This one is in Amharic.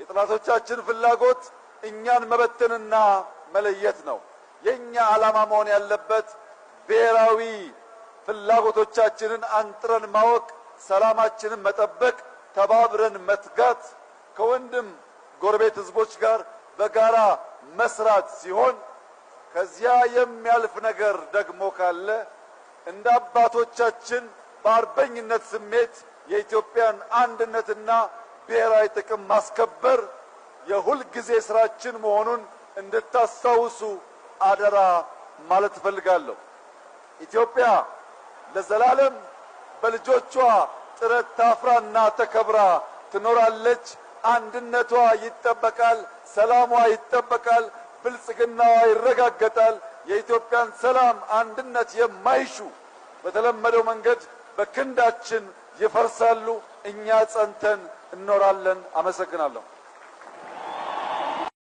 የጥላቶቻችን ፍላጎት እኛን መበተንና መለየት ነው። የኛ ዓላማ መሆን ያለበት ብሔራዊ ፍላጎቶቻችንን አንጥረን ማወቅ፣ ሰላማችንን መጠበቅ፣ ተባብረን መትጋት፣ ከወንድም ጎረቤት ህዝቦች ጋር በጋራ መስራት ሲሆን ከዚያ የሚያልፍ ነገር ደግሞ ካለ እንደ አባቶቻችን በአርበኝነት ስሜት የኢትዮጵያን አንድነትና ብሔራዊ ጥቅም ማስከበር የሁል ጊዜ ስራችን መሆኑን እንድታስታውሱ አደራ ማለት እፈልጋለሁ። ኢትዮጵያ ለዘላለም በልጆቿ ጥረት ታፍራና ተከብራ ትኖራለች። አንድነቷ ይጠበቃል፣ ሰላሟ ይጠበቃል፣ ብልጽግናዋ ይረጋገጣል። የኢትዮጵያን ሰላም አንድነት የማይሹ በተለመደው መንገድ በክንዳችን ይፈርሳሉ። እኛ ጸንተን እንኖራለን። አመሰግናለሁ።